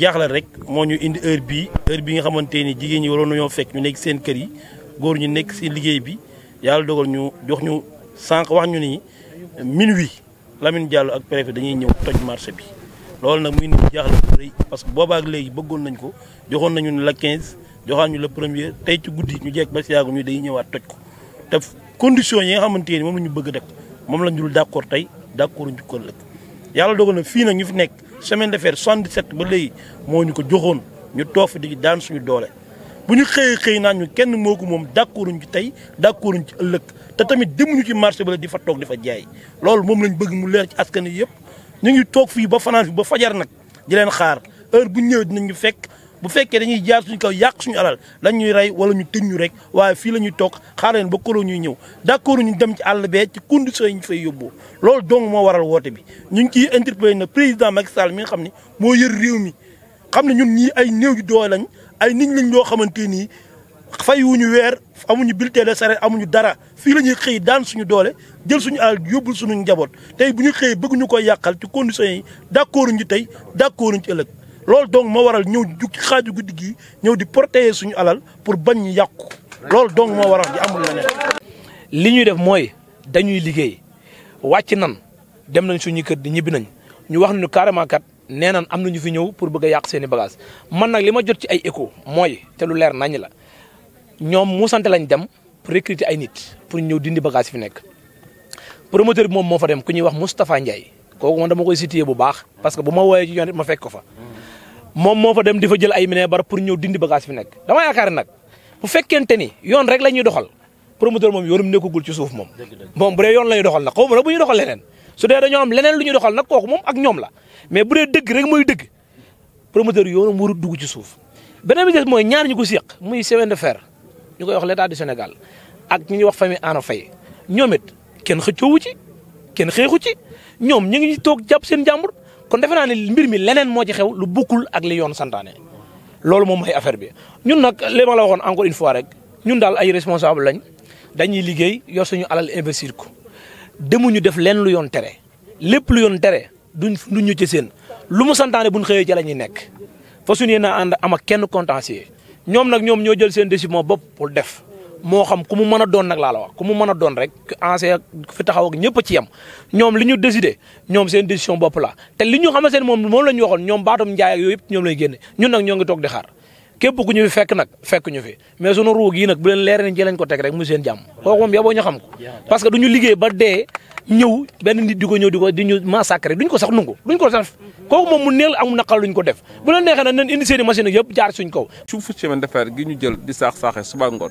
jaaxle rek moo ñu indi heure bi heure bi nga xamanteni ni jigéen ñi waro ñu fekk ñu nekk seen kër yi goor ñu nekk seen liggéey bi yàlla dogal ñu jox ñu sank wax ñu ni minuit Lamine Diallo ak préfet dañuy ñëw toj marché bi. lool nak muy nit jaaxle reuy parce que boba ak léegi bëggoon nañ ko joxon nañu ne la 15 joxaan ñu le premier tay ci guddi ñu jekk ba si yàggu ñu dañuy ñëwaat toj ko te condition yi nga xamanteni mom moom la ñu bëgg a def moom la ñu dul d'accord tay tey ñu ko ëllëg yàlla dogal na fi nak ñu fi nekk chemin de fer 77 ba léegi moo ñu ko joxoon ñu toof di daan suñu doole bu ñu xëyee xëy naa ñu kenn moo moom moom d'accorduñ ci tey d'accorduñ ci ëllëg te tamit demuñu ci marché ba la di fa toog di fa jaay loolu moom lañ bëgg mu leer ci askan wi yëpp ñu ngi toog fii ba fanaan fi ba fajar nag di leen xaar heure bu ñëwee dinañ ñu fekk bu fekkee dañuy jaar suñu kaw yàq suñu alal dañ ñuy rey wala ñu tëj ñu rek waaye fii la ñuy toog xaar leen ba koloo ñuy ñëw d' ñu dem ci àll bee ci conditions yi ñu fay yóbboo loolu dong moo waral woote bi ñu ngi ciy interpellé na président Macky Sall mi nga xam ni moo yër réew mi xam na ñun nii ay néew ju doole lañ ay nit lañ yoo xamante nii fayuñu weer amuñu bulletin de salaire amuñu dara fii la ñuy xëy daan suñu doole jël suñu àll yóbbul suñu njaboot tey bu ñu xëyee bëgg ñu koy yàqal ci conditions yi d' accord ñu tey d' accord ñu ci ëllëg lol dong mo waral ñew juk xaju guddigi ñew di protéger suñu alal pour bañ ñu yàqu dong donc waral di amul lene li ñuy def moy dañuy liggéey wacc nan dem nañ suñu kër di ñibbi nañ ñu wax ñu carrément kat nenañ am na fi ñew pour bëgg yaq seeni bagage man nak lima jot ci ay écho moy té lu leer nañ la lañ dem pour recruter ay nit pour ñew dindi bagage fi nek promoteur mom moom fa dem ku ñuy wax mustapha ndjay koku man dama koy citer bu baax parce que buma ma ci yoon ma fekk ko fa moom moo fa dem difa jël ay mine bar pour ñëw dindi bagage fi nekk dama yaakaar nag bu fekkente ni yoon rek la ñuy doxal promoteur moom yoonum nekkagul ci suuf moom moom bu dee yoon la ñuy doxal nag xaw ma la bu ñuy doxal leneen su dee dañoo am leneen lu ñuy doxal kooku moom ak ñoom la mais bu dee dëgg rek mooy dëgg promoteur yoonum warul dugg ci suuf beneen bi des mooy ñaar ñu ko seq muy chemin de fer ñu koy wax l'état du Sénégal ak ñi ñuy wax famille Ana Faye ñoom it kenn xëccoowu ci kenn xeexu ci ñoom ñu ngi toog jàpp seen jàmbur kon defe naa ne mbir mi leneen moo ci lu bokkul ak li yoon santaane loolu moom mooy affaire bi ñun nag li ma waxoon encore une fois rek ñun daal ay responsable lañ dañuy liggéey yor suñu alal investir ko demuñu def leen lu yoon tere lépp lu yoon tere duñ duñ ñu ci seen lu mu santaane buñ xëyee ci la ñuy nekk fa suñu yéen a ànd am ak kenn contentieux ñoom nag ñoom ñoo jël seen décision bopp pour def. mo xam kumu meuna don nak la la wax kumu meuna don rek ancien fi taxaw ak ñepp ci yam ñom liñu décider ñom seen décision bop la té liñu xam seen mom moom lañu waxon ñom batum ñoom njaay ak yoyep ñom lay génné ñun nak ñongi tok di xaar képp ku ñu fi fekk nak fekk ñu fi mais suñu ruu gii nak bu leen leeree ni ci lañ ko teg rek mu seen jam kooku moom yaboo ñu xam ko parce que duñu liggé ba dé ñew ben nit diko ñew diko di ñu massacrer duñ ko sax nungu duñ ko sax kooku moom mu neel amu nakal luñ ko def bu leen nexé nak nañ indi seen machine yépp jaar suñ kaw suuf chemin d'affaires gi ñu jël di sax saxé suba ngoon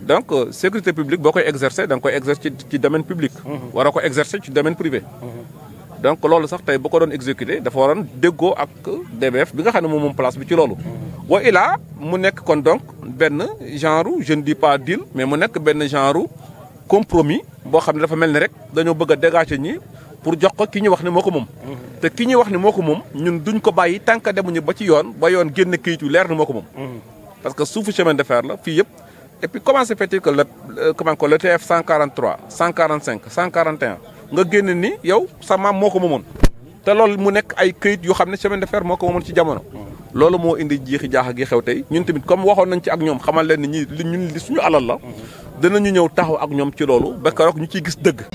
donc euh, sécurité publique beaucoup exercer donc koy exercer ci domaine public. Mhm. war a exercer ci domaine privé. Mhm. donc lors sax tey bu ko doon exécuter dafa waroon déggoo ak DBF bi nga xam ne place bi ci loolu. Mhm. wa ila mu nek kon donc ben genre je ne dis pas deal mais mu nek ben genre compromis bo xam dafa melni rek dañu bëgg dégager ñi pour jox ko ki ñu wax ni moko mom te ki ñu wax ni moko mom ñun duñ ko bayyi tant que ñu ba ci yoon ba yoon génn keuytu yu leer na moo parce que suufu chemin de fer la fi yépp et puis comment se fait-il que le, euh, comment, que le TF 143, 145, 141, nga génné ni yow sa mam moko momone té te mu nek ay keuyit yo xamné ne chemin de fer moko momone ci jamono loolu mo indi jiixi jaaxa gi xew tay ñun tamit comme waxon nañ ci ak ñom xamal leen ni li ñun li suñu alal la dinañu ñëw taxaw ak ñom ci loolu ba karok ñu ci gis dëgg